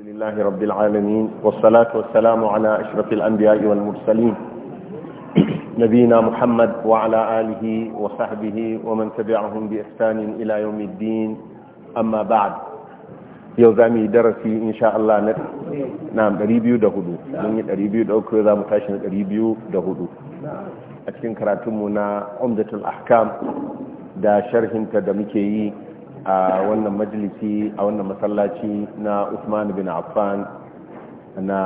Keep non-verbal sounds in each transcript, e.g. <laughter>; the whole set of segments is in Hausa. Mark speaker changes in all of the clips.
Speaker 1: الحمد لله رب العالمين والصلاة والسلام على أشرف الأنبياء والمرسلين نبينا محمد وعلى آله وصحبه ومن تبعهم بإحسان إلى يوم الدين أما بعد يوزامي درسي إن شاء الله نت... نعم ريبيو دهدو من ريبيو دهدو إذا متاشن ريبيو دهدو أتكن كراتمنا عمدة الأحكام دا شرح تدمكي a wannan majalisi a wannan masallaci na Usman bin Affan na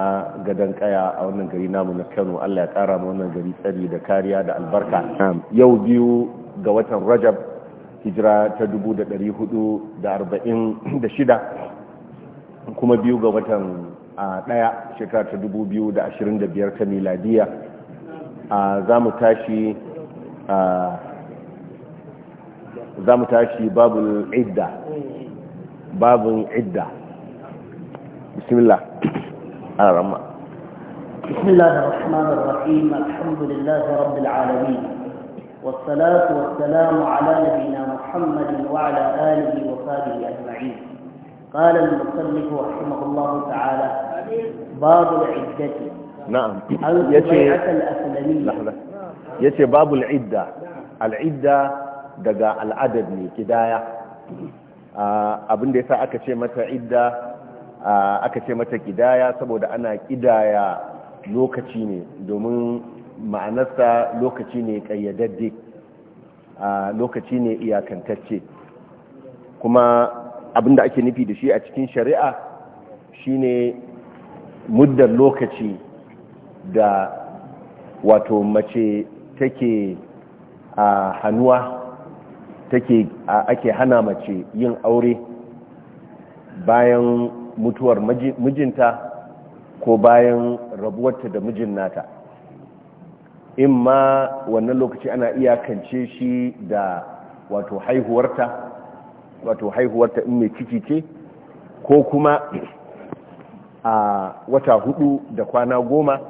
Speaker 1: gadon kaya a wannan gari namu na Kano Allah ya kara mu wannan gari tsari da kariya da albarka yau biyu ga watan Rajab hijira ta 1446 kuma biyu ga watan daya shekara ta 2025 ta miladiya za mu tashi za mu tashi babun idda babun idda
Speaker 2: bismillah ala ramma bismillahir rahmanir rahim alhamdulillahi rabbil alamin والصلاة والسلام على نبينا محمد وعلى آله وصحبه أجمعين قال المصنف رحمه الله تعالى باب العدة
Speaker 1: نعم عن الأسلمية يتي باب العدة العدة daga al'adar ne kidaya abin da sa aka ce mata idda aka ce mata kidaya saboda ana kidaya lokaci ne domin ma'anarsa lokaci ne kayyadadde lokaci ne iyakantacce kuma abin da ake nufi da shi a cikin shari'a shine muddar lokaci da wato mace take a hannuwa take ake hana mace yin aure bayan mutuwar mijinta ko bayan rabuwarta da mijin nata in ma wannan lokaci ana iyakance shi da wato haihuwarta wato haihuwarta in mai ciki ce ko kuma a wata hudu da kwana goma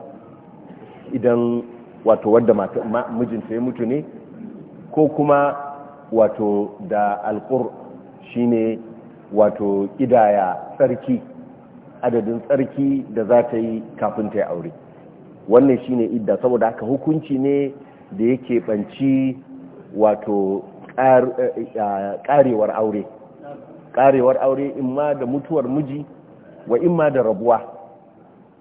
Speaker 1: idan wato wadda mijinta ya mutu ne ko kuma wato da alkur shine wato idaya tsarki adadin tsarki da za ta yi kafin ta yi aure wannan shine idda saboda haka hukunci ne da yake banci wato karewar eh, aure karewar aure imma da mutuwar miji wa imma da rabuwa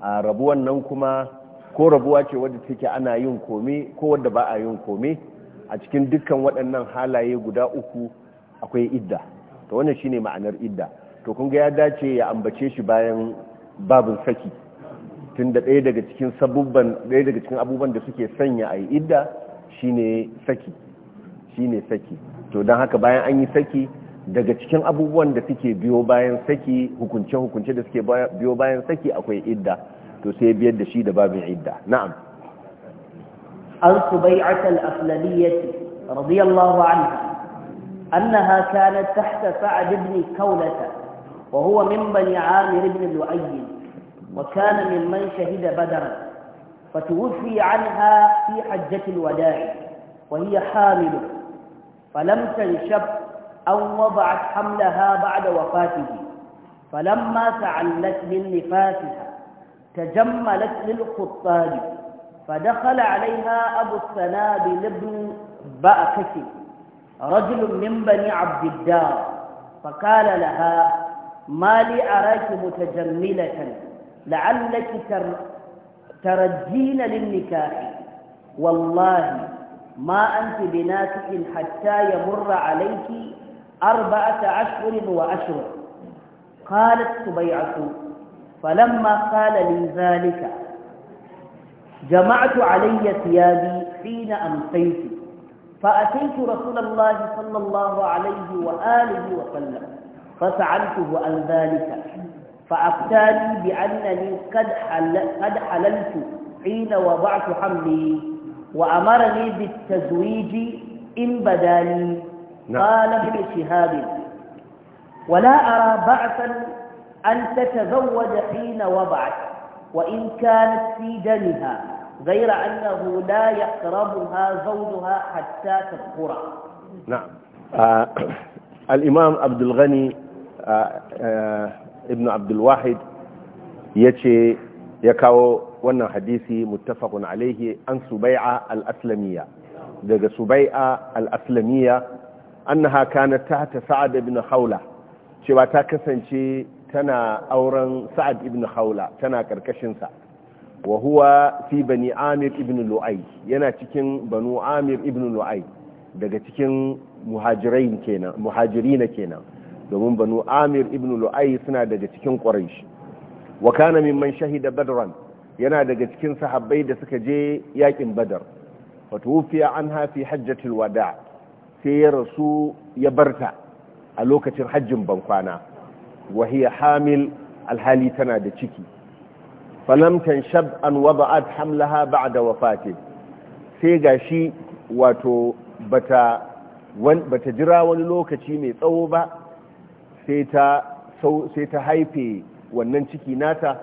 Speaker 1: a rabuwan nan kuma ko rabuwa ce wadda take ana yin kome ko wadda ba a yin kome a cikin dukkan waɗannan halaye guda uku akwai idda to wannan shine ma'anar idda to kun ga ya dace ya ambace shi bayan babin saki tunda ɗaya daga cikin sabubban ɗaya daga cikin abubuwan da suke sanya a yi idda shine saki shine saki to don haka bayan an yi saki daga cikin abubuwan da suke biyo bayan saki hukunce-hukunce da suke biyo bayan saki akwai idda to sai biyar da shi da babin idda na'am
Speaker 2: عن بيعة الأخلبية رضي الله عنها أنها كانت تحت سعد بن كولة وهو من بني عامر بن لؤي وكان ممن شهد بدرا فتوفي عنها في حجة الوداع وهي حامل فلم تنشب أو وضعت حملها بعد وفاته فلما تعلت من نفاسها تجملت للخطاب فدخل عليها أبو السنابل بن بأكسي رجل من بني عبد الدار فقال لها ما لي أراك متجملة لعلك تر ترجين للنكاح والله ما أنت بناكح حتى يمر عليك أربعة أشهر وأشهر قالت سبيعة فلما قال لي ذلك جمعت علي ثيابي حين أمسيت فأتيت رسول الله صلى الله عليه وآله وسلم فسألته عن ذلك فأفتاني بأنني قد, حل قد حللت حين وضعت حملي وأمرني بالتزويج إن بدا لي نعم. قال ابن شهاب ولا أرى بعثا أن تتزوج حين وضعت وإن كانت في دمها غير أنه لا يقربها زوجها حتى تكبر
Speaker 1: نعم آه الإمام عبد الغني آه آه ابن عبد الواحد يتي يكاو wannan hadisi muttafaqun alaihi an subai'a al-aslamiyya daga subai'a al-aslamiyya annaha ta tahta sa'ad ibn haula cewa ta kasance tana auren sa'ad ibn haula tana karkashin sa wa huwa fi bani amir ibn lu'ay yana cikin banu amir ibn lu'ay daga cikin muhajirain kenan muhajirina kenan domin banu amir ibn lu'ai suna daga cikin quraish wa kana mimman shahida badran yana daga cikin sahabbai da suka je yakin badar wa tufiya anha fi hajjatil wada sai ya rasu ya barta a lokacin hajjin bankwana wa hiya hamil alhali tana da ciki falam shab an wada'at hamlaha ba'da wafati sai gashi wato bata bata jira wani lokaci mai tsawo ba sai ta sai ta haife wannan ciki nata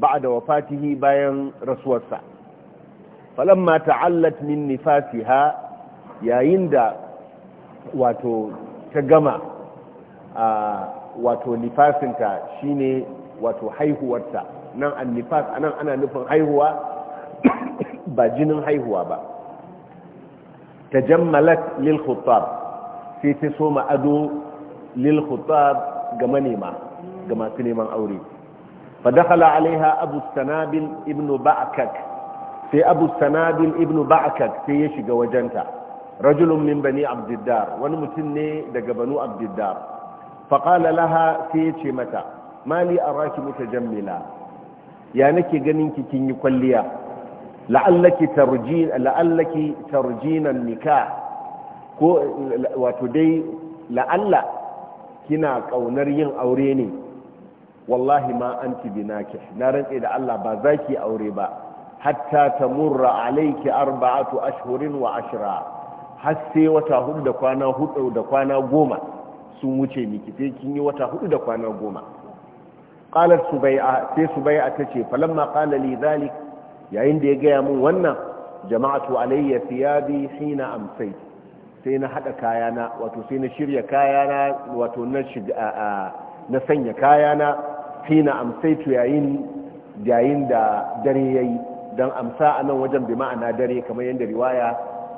Speaker 1: ba'da wafatihi bayan rasuwarsa ma ta'allat min nifasiha yayin da wato ta gama wato nifasinta shine wato haihuwarta nan annifas anan ana nufin haihuwa ba jinin haihuwa ba tajammalat lil khuttab sai ta soma ado lil ga manema ga masu neman aure fa dakhala alaiha abu sanabil ibnu ba'kak sai abu sanabil ibnu ba'kak sai ya shiga wajenta rajulun min bani abdiddar wani mutum ne daga banu abdiddar fa qala laha sai ya ce mata mali araki mutajammila ya nake ganin ki kin yi kwalliya la'allaki tarjin la'allaki tarjinan nikah ko wato dai la'alla kina kaunar yin aure ne wallahi ma anti binaki na rantse da Allah ba zaki aure ba hatta tamurra alayki arba'atu ashhurin wa ashra har sai wata hudu da kwana hudu da kwana goma sun wuce miki sai kin yi wata hudu da kwana goma qalat subai'a sai subai'a tace falamma qala li zalik yayin da ya gaya mun wannan jama'atu alayya thiyabi hina amsay sai na hada kayana wato sai na shirya kayana wato na na sanya kayana hina amsaytu yayin yayin da dare yayi dan amsa anan wajen bi ma'ana dare kamar yanda riwaya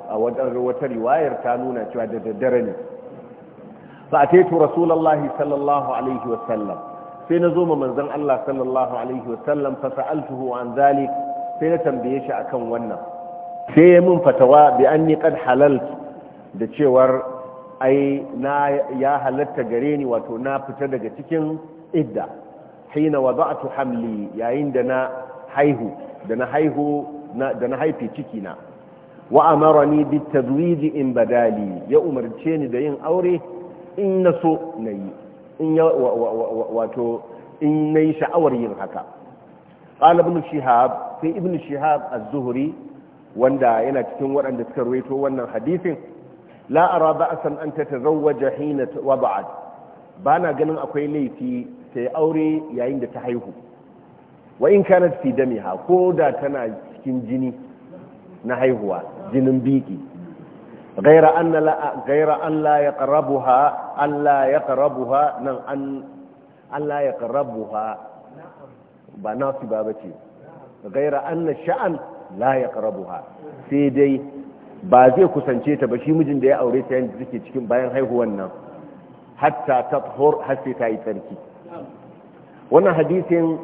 Speaker 1: a wajen wata riwayar ta nuna cewa da daddare ne fa ataitu rasulullahi sallallahu alaihi wasallam sai na zo ma manzon Allah sallallahu alaihi wasallam fa sa'altuhu an zalik sai na tambaye shi akan wannan sai ya mun fatawa bi anni qad halalt da cewar ai na ya halatta gare ni wato na fita daga cikin idda hina wada'tu hamli yayin da na haihu da na haihu da na haife ciki na wa amarani bit tazwij in badali ya umarce ni da yin aure in na na nayi in ya wato in nayi sha'awar yin haka qala ibn shihab sai ibn shihab az-zuhri wanda yana cikin waɗanda suka rawaito wannan hadisin la ara ba'san an tatazawwaja hina wada'at bana ganin akwai laifi sai aure yayin da ta haihu wa in kanat fi damiha ko da tana cikin jini na haihuwa jinin biki gaira an la gaira an la yaqrabuha an la yaqrabuha nan an an la yaqrabuha ba nafi ba bace gaira an sha'an la yaqrabuha sai dai ba zai kusance ta ba shi mijin da ya aure ta yanda take cikin bayan haihuwan nan hatta tathur har sai ta yi tsarki wannan hadisin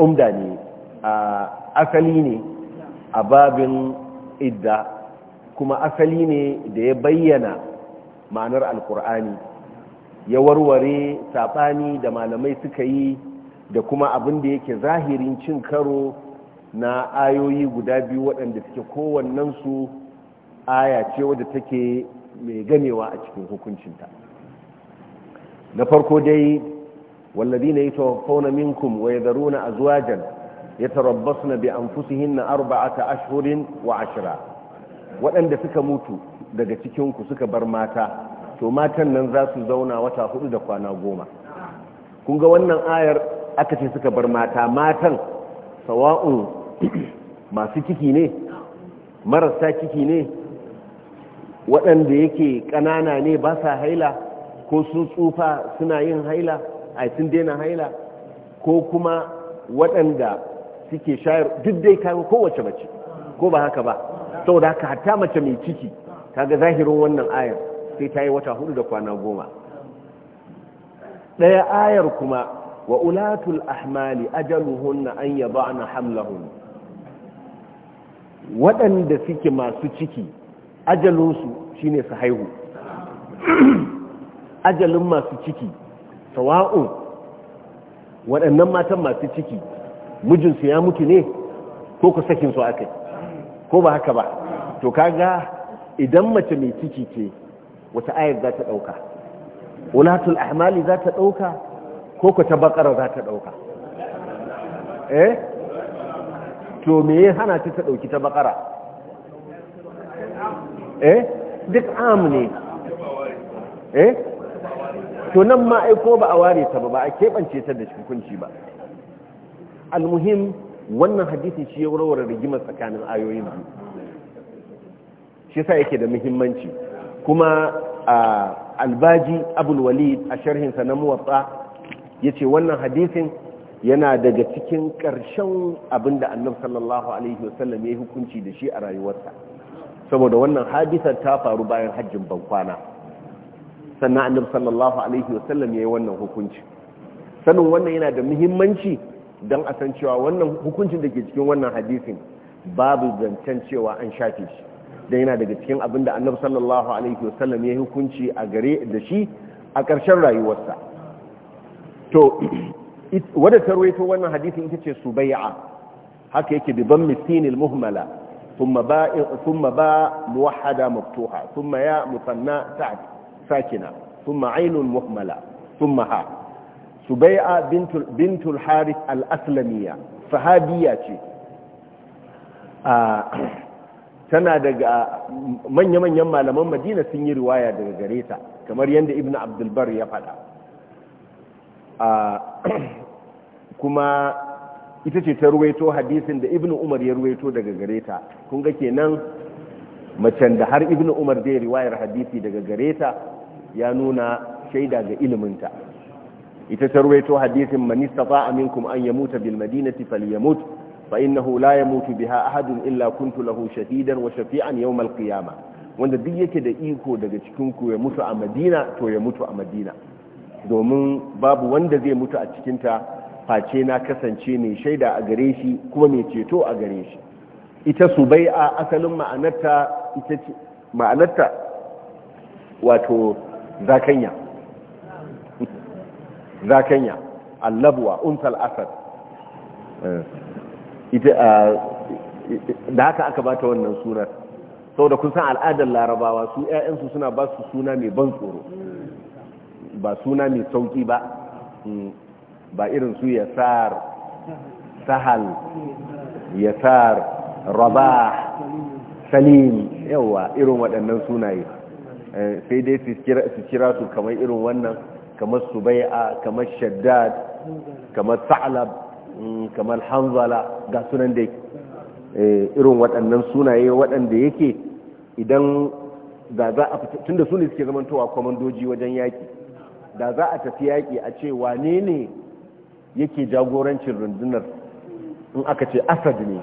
Speaker 1: umda ne asali ne a babin idda kuma asali ne da ya bayyana ma'anar alkur'ani ya warware saɓani da malamai suka yi da kuma abin da yake zahirin cin karo na ayoyi guda biyu waɗanda suke kowannensu aya ce wadda take mai ganewa a cikin hukuncinta na farko dai wallazi na yi tawafauna minkum wa ya zaruna a zuwajen ya tarabbasu na bi an fusihin na ta ashirin wa ashira waɗanda suka mutu daga cikinku suka bar mata to matan nan za su zauna wata hudu da kwana goma kun ga wannan ayar aka ce suka bar mata matan sawa'un <clears throat> masu ciki ne marasa ciki ne waɗanda yake ƙanana ne ba sa haila ko sun tsufa suna yin haila a sun daina haila ko kuma waɗanda suke shayar duk dai kawo kowace mace ko ba haka ba sau da haka hatta mace mai ciki ta ga zahirin wannan ayar sai ta yi wata hudu da kwana goma ɗaya ayar kuma wa ulatul ahmali ajaluhunna an na hamlahun waɗanda suke masu ciki ajalunsu shine su haihu <clears throat> ajalin masu ciki sawa'un waɗannan matan masu ciki mijinsu ya mutu ne ko ku sakinsu akai ko ba haka ba to kaga idan mace mai ciki ce wata ayar za ta ɗauka wulatul ahmali za ta ɗauka ko kwata bakara za ta ɗauka eh to me ya hana ta ta ɗauki ta bakara eh duk am ne eh to nan ma aiko ba a ware ta ba ba a keɓance ta da hukunci ba al-muhim wannan hadisi shi ya warware rigimar tsakanin ayoyin biyu shi sa yake da muhimmanci kuma a albaji abul walid a sharhinsa na muwatsa ya ce wannan hadisin yana daga cikin ƙarshen abin da annab sallallahu alaihi wasallam ya yi hukunci da shi a rayuwarsa saboda wannan hadisar ta faru bayan hajjin bankwana sannan annab sallallahu alaihi wasallam ya yi wannan hukunci sanin wannan yana da muhimmanci don a san cewa wannan hukuncin da ke cikin wannan hadisin babu zancen cewa an shafe shi don yana daga cikin abin da annabi sallallahu alaihi wasallam ya hukunci a gare da shi a ƙarshen rayuwarsa to wadda ta rawaito wannan hadisin ita ce subai'a haka yake bi ban misinil muhmala thumma ba thumma ba muwahhada maftuha thumma ya musanna sakina thumma aynun muhmala thumma subai'a bintul harith al aslamiyya sahabiya ce tana daga manya-manyan malaman madina sun yi riwaya daga gare ta kamar yadda ibn abdulbar ya fada kuma ita ce ta ruwaito hadisin da ibn umar ya ruwaito daga gare ta kun ga kenan macen da har ibn umar zai riwayar hadisi daga gare ta ya nuna shaida ga iliminta ita ta ruwaito hadisin man istata'a minkum an yamuta bil madinati falyamut fa innahu la yamutu biha ahadun illa kuntu lahu shahidan wa shafi'an yawm al qiyamah wanda duk yake da iko daga cikin ku ya mutu a Madina to ya mutu a Madina domin babu wanda zai mutu a cikin ta face na kasance mai shaida a gare shi kuma mai ceto a gare shi ita subai'a asalin ma'anarta ita ce ma'anarta wato zakanya zakanya allabuwa unsal asad eh. ah, da haka aka bata wannan sunar saboda kun san al'adar larabawa su 'ya'yansu suna ba su suna mai ban tsoro ba suna mai sauki ba hmm. ba irin su yasar sahal yasar rabah salim yawa irin waɗannan sunaye eh, sai dai su kira su kamar irin wannan kamar subai'a kamar shaddad kamar sa'alab kamar hanzala ga sunan da irin waɗannan sunaye waɗanda yake idan da za a fita da su ne suke zamantowa kwamandoji wajen yaƙi da za a tafi yaƙi a ce wane ne yake jagorancin rundunar in aka ce asad ne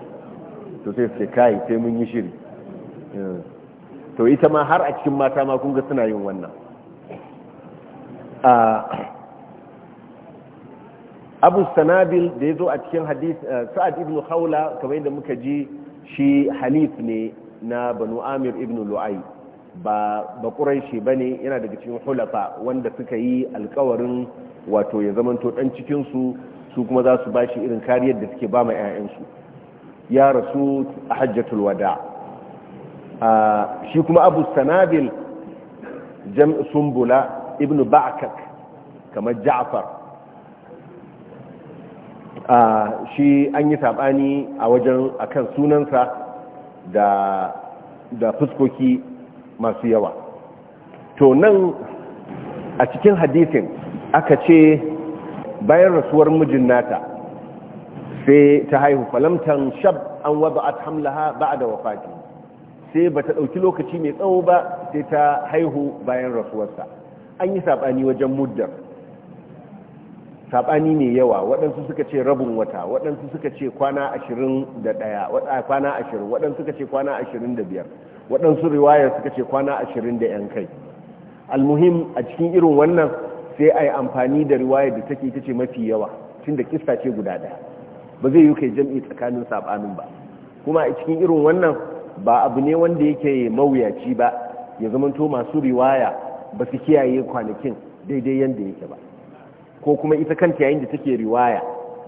Speaker 1: to sai su kai sai mun yi shiri to ita ma har a cikin mata ma kun suna yin wannan abu sanabil da ya zo a cikin hadith eh, sa'ad ibn khawla kamar yadda muka ji shi halif ne na banu amir ibn lu'ai ba ba quraishi bane yana daga cikin hulafa wanda suka yi alkawarin wato ya zamanto dan cikin su su kuma za su bashi irin kariyar da suke ba ma ƴaƴan su ya rasu a hajjatul wada ah, shi kuma abu sanabil jam'u sumbula ibn ba'kak kamar ja'far shi an yi sabani a wajen akan sunansa da da fuskoki masu yawa to nan a cikin hadisin aka ce bayan rasuwar mijin nata sai ta haihu falamtan shab an wada'at hamlaha ba'da wafati sai bata ɗauki lokaci mai tsawo ba sai ta haihu bayan rasuwarsa an yi saɓani wajen muddar saɓani mai yawa waɗansu suka ce rabin wata waɗansu suka ce kwana ashirin da ɗaya kwana ashirin waɗansu suka ce kwana ashirin da biyar waɗansu riwayar suka ce kwana ashirin da yan kai almuhim a cikin irin wannan sai a yi amfani da riwayar da take ita ce mafi yawa tun da kista ce guda ɗaya ba zai yi kai jam'i tsakanin saɓanin ba kuma a cikin irin wannan ba abu ne wanda yake mawuyaci ba ya to masu riwaya ba su kiyaye kwanakin daidai yadda yake ba ko kuma ita kanta yayin da take riwaya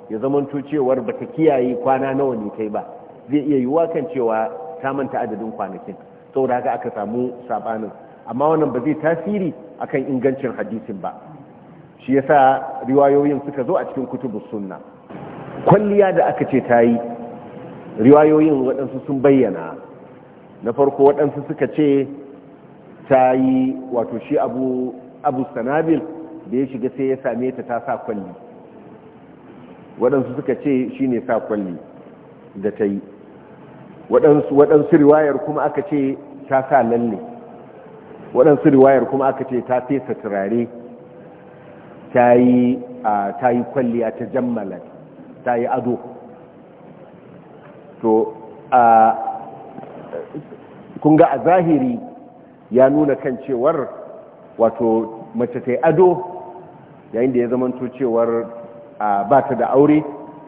Speaker 1: ya zamanto cewar ba ta kiyaye kwana nawa ne kai ba zai iya yiwuwa kan cewa ta manta adadin kwanakin saboda haka aka samu sabanin amma wannan ba zai tasiri akan ingancin hadisin ba shi yasa riwayoyin suka zo a cikin kutubus sunna kwalliya da aka ce ta yi riwayoyin waɗansu sun bayyana na farko waɗansu suka ce ta yi wato shi abu abu sanabil da ya shiga sai ya same ta ta sa kwalli waɗansu suka ce shi ne sa kwalli da ta yi waɗansu riwayar kuma aka ce ta sa lalle waɗansu riwayar kuma aka ce ta fesa turare ta yi kwalliya ta jammala ta yi ado to a kunga a zahiri ya nuna kan cewar wato mace ta ado yayin da ya zamanto cewar ba ta da aure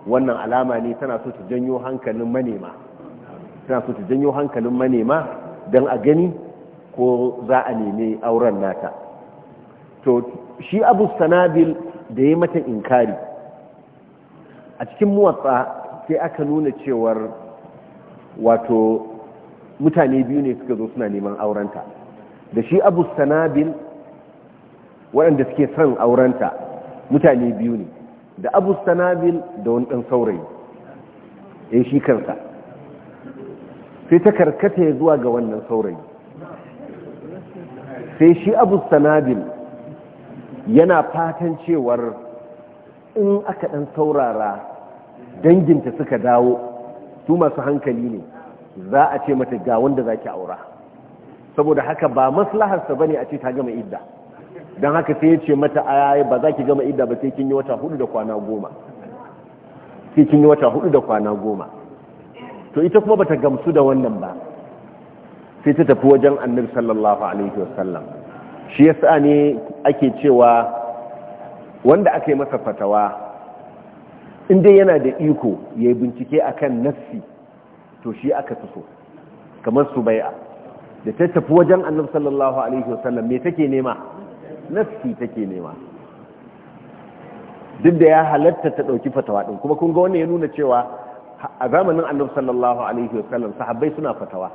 Speaker 1: wannan alama ne tana so ta janyo hankalin manema tana so ta janyo hankalin manema don a gani ko za a nemi auren nata to shi abu sanabil da ya mata inkari a cikin muwatsa sai aka nuna cewar wato mutane biyu ne suka zo suna neman aurenta da shi abu sanabil waɗanda suke son aurenta mutane biyu ne da abu sanabil da wani ɗan saurayi ya eh, shi kansa sai ta karkata ya zuwa ga wannan saurayi sai shi abu sanabil yana fatan cewar in aka ɗan saurara danginta suka dawo su masu hankali ne za a ce mata ga wanda za ki aura saboda haka ba maslaharsa bane a ce ta gama idda dan haka sai ya ce mata ayaye ba za ki gama idda ba sai kin yi wata hudu da kwana goma sai kin yi wata hudu da kwana goma to ita kuma bata gamsu da wannan ba sai ta tafi wajen annabi sallallahu alaihi wasallam shi yasa ne ake cewa wanda aka yi masa fatawa in dai yana da iko yayi bincike akan nafsi to shi aka fi so kamar subai'a da ta tafi wajen annab sallallahu alaihi wasallam me take nema nafsi take nema duk da ya halatta ta dauki fatawa din kuma kun ga wannan ya nuna cewa a zamanin annab sallallahu alaihi wasallam sahabbai suna fatawa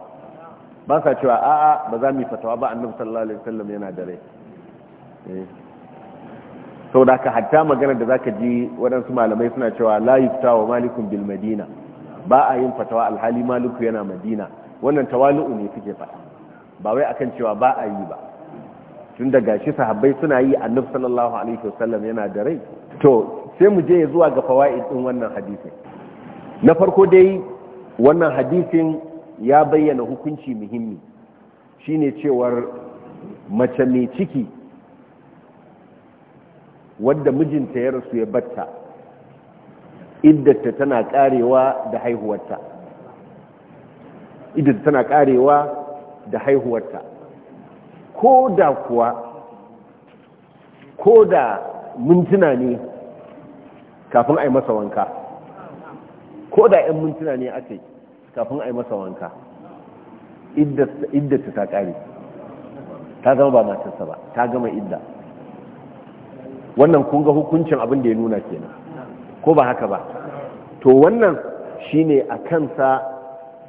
Speaker 1: ba sa cewa a'a ba za mu yi fatawa ba annab sallallahu alaihi wasallam yana da rai eh. sau da ka hatta magana da za ka ji waɗansu malamai suna cewa la yuftawa wa malikun bil madina ba a yin fatawa alhali maliku yana madina wannan tawali'u ne suke fada ba wai akan cewa ba a yi ba tun da gashi sahabbai suna yi annabi sallallahu alaihi wasallam yana da rai to sai mu je zuwa ga fawaid din wannan hadisi na farko dai wannan hadisin ya bayyana hukunci muhimmi shine cewar mace mai ciki wadda mijinta ya rasu ya batta iddata tana karewa da haihuwarta iddata tana karewa da haihuwarta ko da kuwa ko da mintuna ne kafin a yi masa wanka ko da 'yan mintuna ne ake kafin a yi masa wanka idda ta kare ta gama ba matarsa ba ta gama idda wannan kun ga hukuncin abin da ya nuna kenan ko ba haka ba to wannan shine a kansa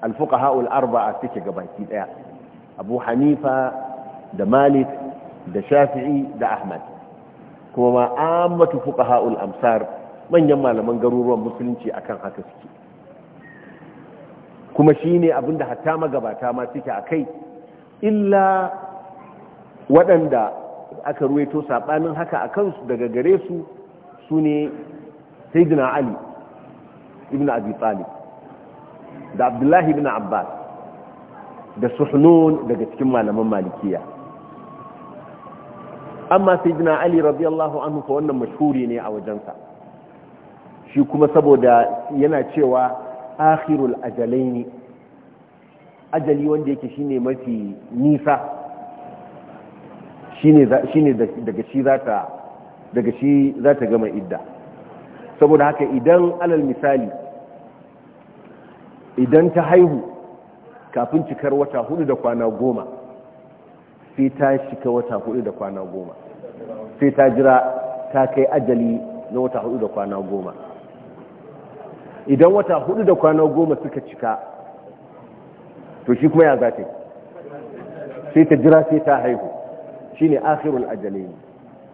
Speaker 1: alfuka ha'ul arba'a suke gabaki daya abu hanifa da malik da shafi'i da ahmad kuma ma ammatu fuqaha'ul amsar manyan malaman garuruwan musulunci akan haka suke kuma shine abinda hatta magabata ma suke a kai illa waɗanda aka ruwaito saɓanin haka a kansu daga gare su sune sayyidina ali ibn abi talib da abdullahi ibn abbas da suhnun daga cikin malaman malikiya amma sayyidina ali radiyallahu anhu fa wannan mashhuri ne a wajensa shi kuma saboda yana cewa akhirul ajalai ne ajali wanda yake shine mafi nisa shine shine daga shi zata daga gama idda saboda haka idan alal misali idan ta haihu kafin cikar wata hudu da kwana goma sai ta shika wata hudu da kwana goma sai ta jira ta kai ajali na wata hudu da kwana goma idan wata hudu da kwana goma suka cika to shi kuma ya za ta sai ta jira sai ta haihu shi ne akhirul ajali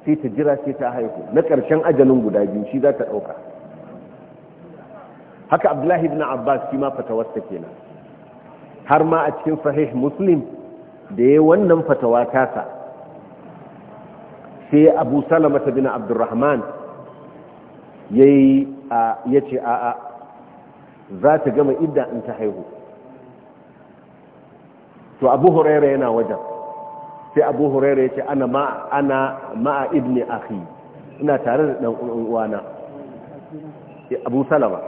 Speaker 1: sai ta jira sai ta haihu na ƙarshen ajalin guda biyu shi za ta ɗauka haka abdullahi ibn abbas shi ma fatawarsa kenan har ma a cikin sahih muslim da ya wannan fatawa tasa sai abu salamata bin abdurrahman ya ce a'a za ta gama idda in ta haihu to abu huraira yana wajen sai abu huraira ya ce ana ma'a ibni akhi ina tare da ɗan uwana abu salama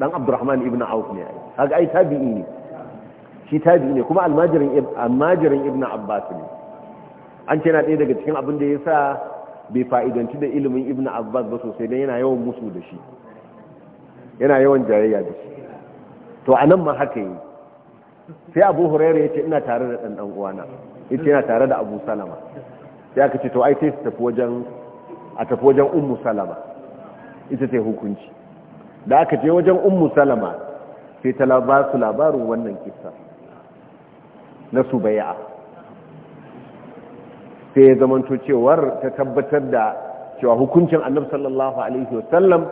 Speaker 1: ɗan abdurrahman ibn auf ne haka ai tabi'i ne shi tabi ne kuma almajirin ibn abbas ne an ce na ɗaya daga cikin abin da ya sa bai fa'idanci da ilimin ibn abbas ba sosai don yana yawan musu da shi yana yawan jayayya da shi to a nan ma haka yi sai abu hurairu ya ce ina tare da ɗan uwana ya ce yana tare da abu salama sai aka ce to ai sai su tafi wajen a tafi wajen ummu salama ita ce hukunci da aka je wajen ummu salama sai ta ba su labarin wannan kisa na bayya sai ya zamanto cewar ta tabbatar da cewa hukuncin annabi sallallahu alaihi wasallam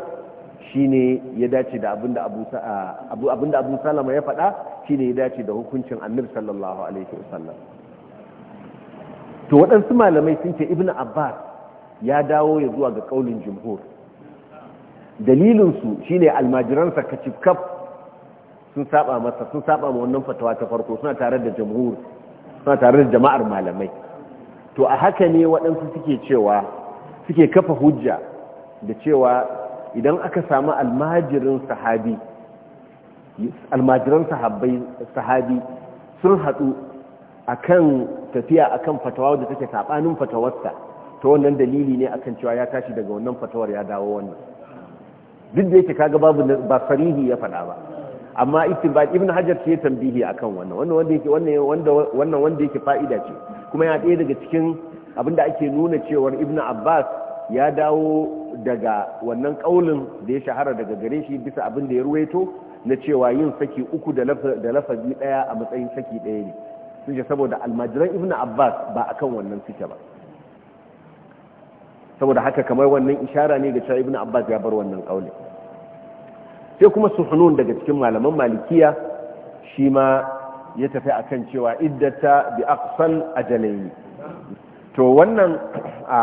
Speaker 1: shine ya dace da abinda abu abinda abu salama ya fada shine ya dace da hukuncin annabi sallallahu alaihi wasallam to waɗansu malamai sun ce ibnu abbas ya dawo ya zuwa ga kaulin jumhur dalilinsu shine almajiransa kacifkaf sun saba masa sun saba ma wannan fatawa ta farko suna tare da jamhur suna tare da jama'ar malamai to a haka ne waɗansu suke cewa suke kafa hujja da cewa idan aka samu almajirin sahabi almajiran sahabbai sahabi sun haɗu akan tafiya akan fatawa da take sabanin fatawarsa ta wannan dalili ne akan cewa ya tashi daga wannan fatawar ya dawo wannan duk da yake kaga babu ba sarihi ya faɗa ba amma istinbat ibn hajar ce tambihi akan wannan wannan wanda yake wannan wanda wannan wanda fa'ida ce kuma ya daya daga cikin abinda ake nuna cewar ibn abbas ya dawo daga wannan kaulin da ya shahara daga gare shi bisa abin da ya ruwaito na cewa yin saki uku da lafazi daya a matsayin saki daya ne sun ce saboda almajiran ibn abbas ba akan wannan suke ba saboda haka kamar wannan ishara ne ga cewa ibn abbas ya bar wannan kaulin sai kuma suhunun daga cikin malaman malikiya shi ma ya tafi a kan cewa iddata bi aqsal ajalaini to wannan a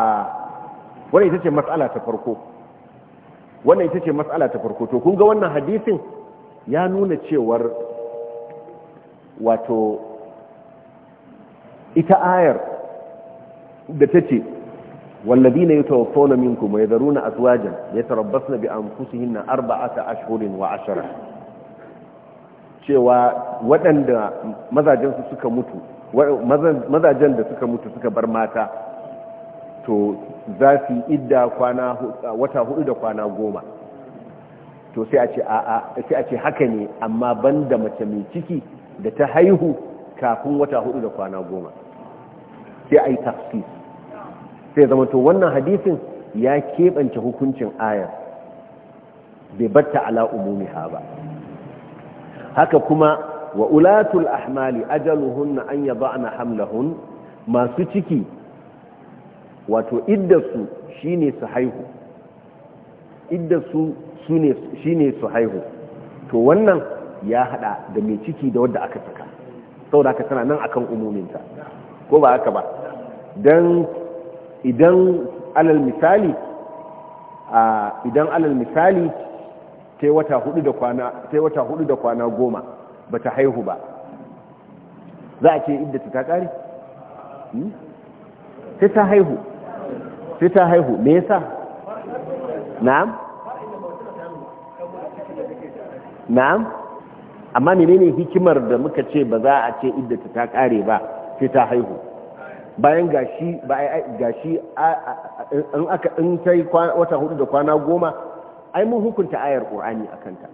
Speaker 1: wannan ita ce mas'ala ta farko wannan ita ce mas'ala ta farko to kun ga wannan hadisin ya nuna cewar wato ita ayar da ta ce والذين يتوفون منكم ويذرون أزواجا يتربصن بأنفسهن أربعة أشهر وعشرة cewa waɗanda mazajensu suka mutu mazajen da suka mutu suka bar mata to za su yi idda kwana wata hudu da kwana goma to sai a ce haka ne amma ban da mace mai ciki da ta haihu kafin wata hudu da kwana goma sai a yi tafsir sai zama to wannan hadisin ya keɓance hukuncin ayar bai batta ala ha ba haka kuma wa ulatul ahmali ajaluhunna an yada'na hamlahun masu ciki wato iddarsu shine su haihu iddarsu shine su haihu to wannan ya hada da mai ciki da wadda aka saka saboda aka tana nan akan umuminta ko ba aka ba don idan alal misali a idan alal misali sai wata hudu da kwana ta wata hudu da kwana goma bata haihu ba za a ce idda ta kare hmm? sai ta haihu sai ta haihu me yasa na'am na'am amma menene hikimar da muka ce ba za a ce idda ta kare ba sai ta haihu bayan gashi gashi in aka in sai wata hudu da kwana goma ai mun hukunta ayar qur'ani a kanta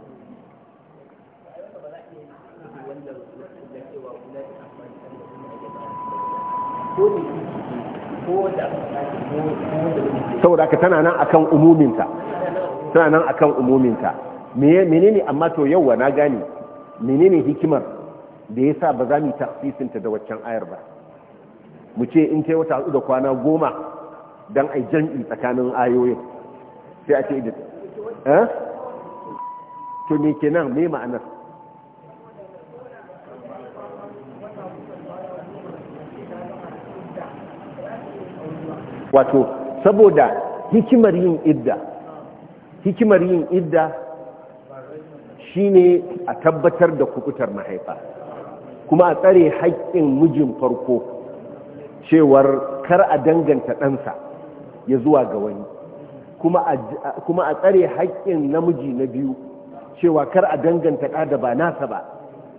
Speaker 1: saboda ka tana nan akan umuminta tana nan akan umuminta menene amma to yauwa na gane menene hikimar da ya sa ba za mu yi tafsisinta da waccan ayar ba mu ce in kai wata hudu da kwana goma don a jam'i tsakanin ayoyin sai a ce idan eh to me nan me ma'anar wato saboda hikimar yin idda hikimar yin idda shi ne a tabbatar da kukutar mahaifa kuma a tsare haƙƙin mijin farko cewar kar a danganta ɗansa ya zuwa ga wani kuma a tsare haƙƙin namiji na biyu cewa kar a danganta ɗa da ba nasa ba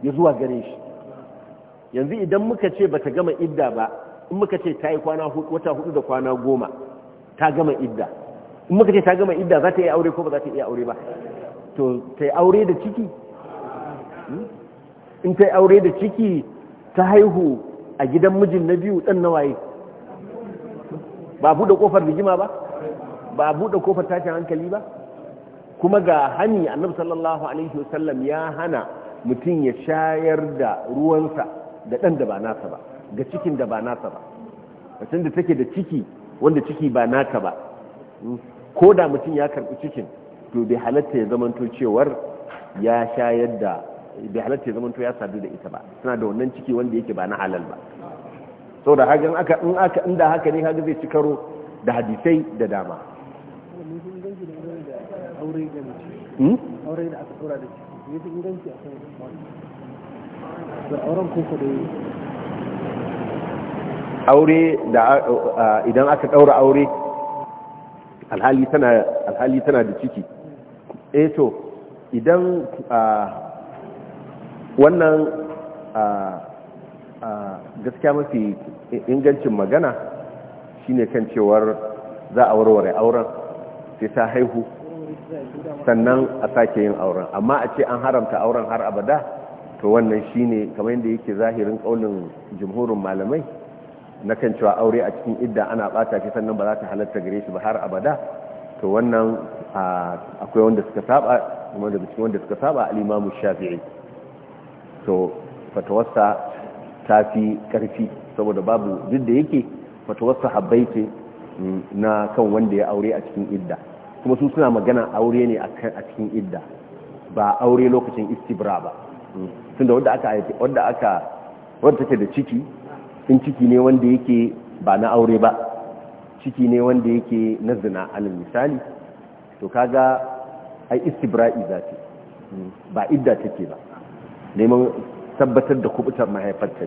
Speaker 1: ya zuwa gare shi yanzu idan muka ce ba ta gama idda ba in muka ce ta yi wata hudu da kwana goma ta gama idda in muka ce ta gama idda za ta yi aure ko ba za ta yi aure ba to ta yi aure da ciki hmm? in ta yi aure da ciki ta haihu a gidan mijin na biyu ɗan na waye ba buɗe ƙofar rigima ba ba buɗe ƙofar tashin hankali ba kuma ga hani annabi sallallahu alaihi wasallam ya hana mutum ya shayar da ruwansa da ɗan da ba nasa ba ga cikin da ba nasa ba mutum da take da ciki wanda ciki ba naka ba ko da mutum ya karɓi cikin to bai halatta ya zamanto cewar ya shayar da bai halatta ya zamanto ya sadu da ita ba suna da wannan ciki wanda yake ba na halal ba saboda hagan aka in aka inda haka ne haka zai ci karo da hadisai da dama hmm? aure da idan aka daura aure alhali tana alhali tana da ciki eh to idan wannan gaskiya mafi ingancin magana shine kan cewar za a warware auren sai ta haihu sannan a sake yin auren amma a ce an haramta auren har abada to wannan shine kamar yadda yake zahirin kaulin jumhurin malamai na kan cewa aure a cikin idda ana bata shi sannan ba za ta halatta gare shi ba har abada to wannan akwai wanda suka saba kuma da cikin wanda suka saba al'imamu Shafi'i to fatawarsa ta fi ƙarfi saboda babu duk da yake wasu habai ce mm, na kan wanda ya aure a cikin idda kuma su suna magana aure ne a cikin idda ba aure lokacin istibra ba mm, tun da wadda aka haifi wadda aka wadda take da ciki in ciki ne wanda yake ba na aure ba ciki ne wanda yake na zina alal misali to kaga ai istibra'i za mm, ba idda take ba neman tabbatar da kubutar mahaifarta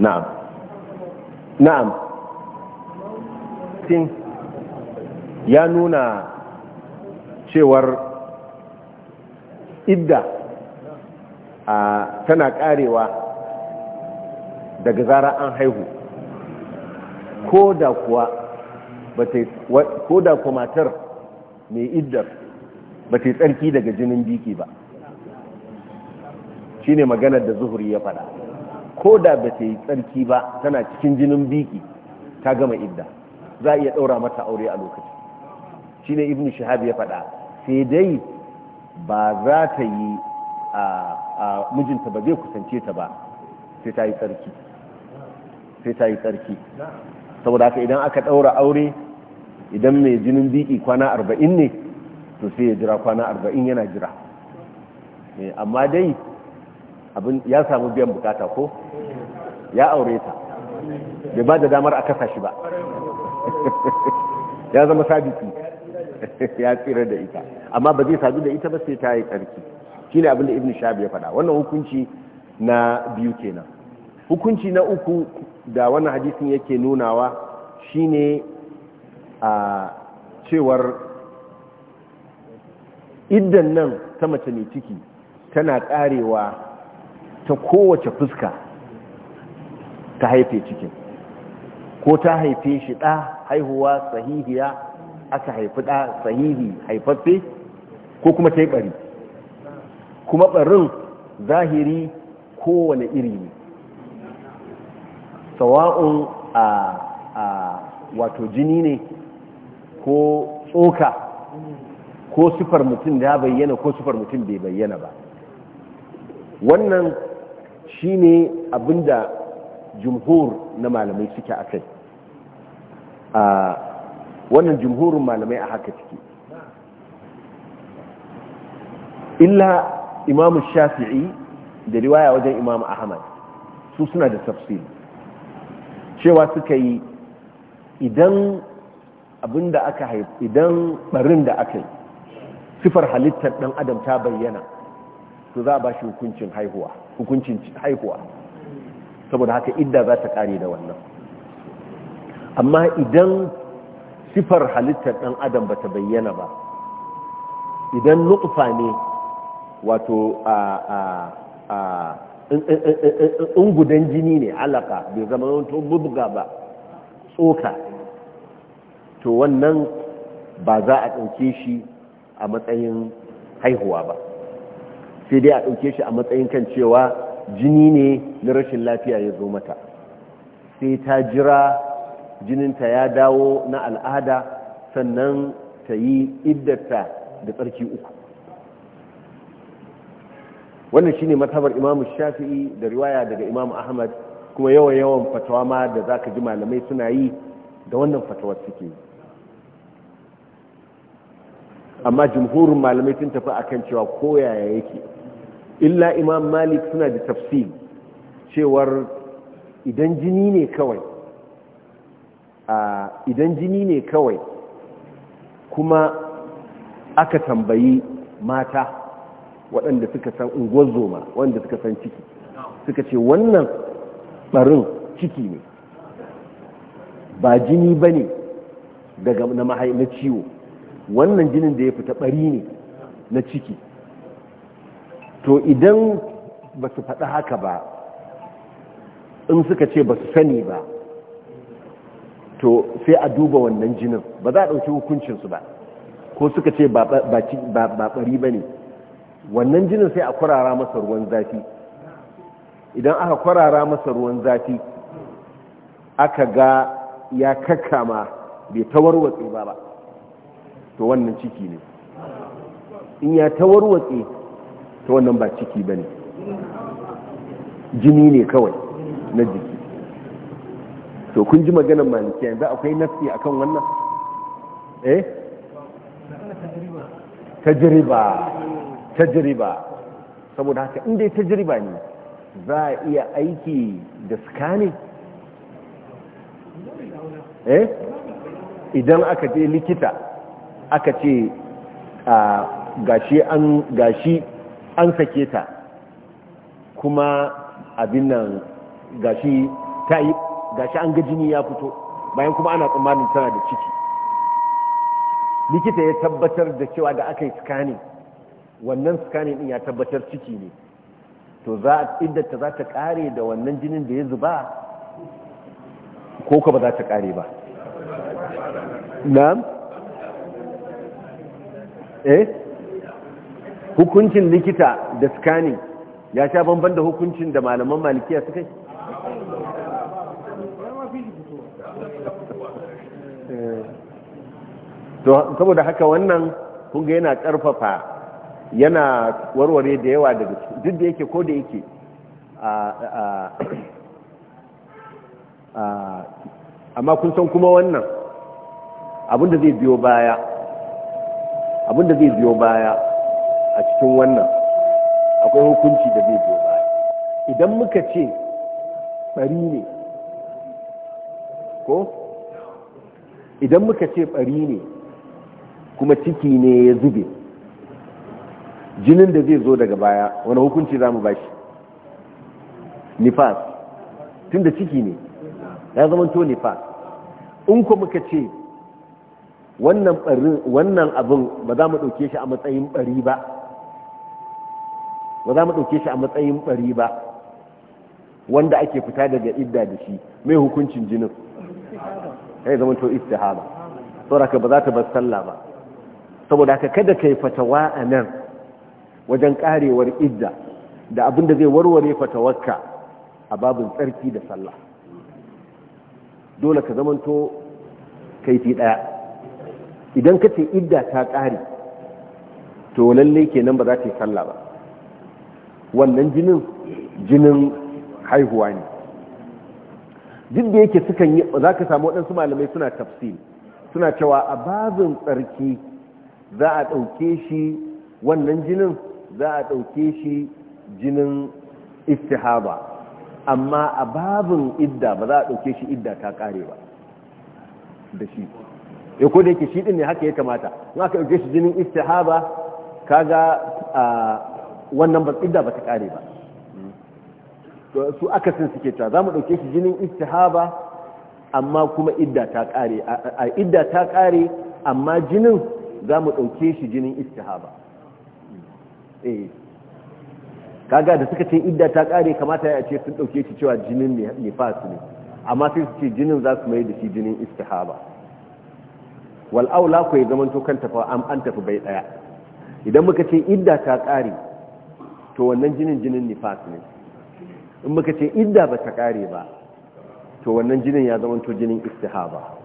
Speaker 1: na'am na'am tin ya nuna cewar idda tana karewa daga zara an haihu ko da kuwa ko da kuma matar mai iddar ba ta yi tsarki daga jinin biki ba shine maganar da zuhuri ya faɗa ko da ba ta yi tsarki ba tana cikin jinin biki ta gama idda za a iya ɗaura mata aure a lokaci shine ibnu shahab ya faɗa sai dai ba za ta yi a mijinta ba zai kusance ta ba sai ta yi tsarki sai ta yi tsarki saboda haka idan aka ɗaura aure idan mai jinin biki kwana arba'in ne to sai ya jira kwana arba'in yana jira eh, amma dai ya samu biyan bukata ko ya aure ta bai ba da damar a kasa shi ba <laughs> ya zama sabiti <laughs> ya tsira da ita amma ba zai sadu da ita ba sai ta yi karki shi ne abinda ibn shabi ya faɗa wannan hukunci na biyu kenan hukunci na uku da wannan hadisin yake nunawa shine a cewar iddan nan ta mace mai ciki tana karewa ta kowace fuska ta haife cikin ko ta haife shi ɗa haihuwa sahihiya aka haifi ɗa sahihi haifaffe ko kuma ta yi ɓari kuma ɓarin zahiri kowane iri ne sawa'un a wato jini ne ko tsoka ko sufar mutum da bayyana ko sufar mutum bai bayyana ba wannan Shi shine abinda jumhur na malamai suke akai a wannan jumhurin malamai a haka ciki illa imamu shafi'i da riwaya wajen imamu ahmad su suna da tafsiri cewa suka yi idan abinda aka haifu idan barin da aka yi sifar halittar dan adam ta bayyana to za a ba shi hukuncin haihuwa hukuncin haihuwa saboda haka idda za ta kare da wannan amma idan sifar halittar ɗan adam ba ta bayyana ba idan nutfa ne wato a ungudan jini ne alaka bai zama wato mubga ba tsoka to wannan ba za a ɗauke shi a matsayin haihuwa ba sai dai a ɗauke shi a matsayin kan cewa jini ne na rashin lafiya ya zo mata sai ta jira jininta ya dawo na al'ada sannan ta yi iddata da tsarki uku wannan shine matabar imamu shafi'i da riwaya daga imamu ahmad kuma yawan yawan fatawa ma da za ka ji malamai suna yi da wannan fatawar suke yi amma jimhurin malamai sun tafi a kan cewa koyaya yake illa imam malik suna da tafsir cewar idan jini ne kawai idan jini ne kawai kuma aka tambayi mata waɗanda suka san ungozoma waɗanda suka san ciki suka ce wannan ɓarin ciki ne ba jini ba ne daga na ciwo wannan jinin da ya fita ɓari ne na ciki to idan ba su faɗi haka ba in suka ce ba su sani ba to sai a duba wannan jinin ba za a ɗauki hukuncinsu ba ko suka ce ba ɓari ba ne wannan jinin sai a kwarara masa ruwan zafi idan aka kwarara masa ruwan zafi aka ga ya kakkama bai tawarwatse ba ba to wannan ciki ne in ya tawarwatse ta wannan ba ciki ba ne jini ne kawai na jiki to kun ji maganar maliki yanzu akwai nafi akan wannan eh tajriba tajriba saboda haka inda ya tajriba ne za a iya aiki da scanning eh idan aka je likita aka ce a ah, gashi an gashi an sake ta kuma abin nan gashi ta yi gashi an ga jini ya fito bayan kuma ana tsammanin tana da ciki likita ya tabbatar da cewa da aka yi scanning wannan scanning din ya tabbatar ciki ne to za iddata za ta kare da wannan jinin da ya zuba ko ka ba za ta kare ba na eh hukuncin likita da scanning ya sha banban da hukuncin da malaman malikiya suka yi to saboda haka wannan kunga yana karfafa yana warware da yawa daga duk da yake ko da yake amma kun san kuma wannan abinda zai biyo baya abinda zai biyo baya a cikin wannan akwai hukunci da zai biyo baya idan muka ce bari ne ko idan muka ce bari ne kuma ciki ne ya zube jinin da zai zo daga baya wani hukunci za mu ba shi nifas tun da ciki ne ya zama to nifas in ku muka ce wannan abin ba za mu ɗauke shi a matsayin ɓari ba ba za mu ɗauke shi a matsayin ɓari ba wanda ake fita daga idda da shi mai hukuncin jinin ya zama to istihaba sauraka ba za ta bar sallah ba saboda haka kada ka yi fatawa a nan wajen ƙarewar idda da abinda zai warware fatawarka a babin tsarki da sallah dole ka zamanto kaifi ɗaya idan ka ce idda ta kare to lallai kenan ba za ta yi sallah ba wannan jinin jinin haihuwa ne duk da yake sukan yi za ka samu waɗansu malamai suna tafsi, suna cewa a babin tsarki za a ɗauke shi wannan jinin za a ɗauke shi jinin istihaba amma a babin idda ba za a ɗauke shi idda ta ƙare ba da shi ya eh, ko yake shi ɗin ne haka ya kamata in aka ɗauke shi jinin istihaba kaga ah, wannan ba idda ba ta kare ba su akasin suke cewa za mu ɗauke shi jinin istihaba amma kuma idda ta kare a idda ta kare amma jinin za mu ɗauke shi jinin istihaba eh kaga da suka ce idda ta kare kamata ya ce sun ɗauke shi cewa jinin nifas ne amma sai su ce jinin za su mai da shi jinin istihaba wal'aula ku ya zamanto kan tafa an tafi bai ɗaya idan muka ce idda ta kare to wannan jinin jinin nifas ne in muka ce idda ba ta kare ba to wannan jinin ya zamanto jinin istihaba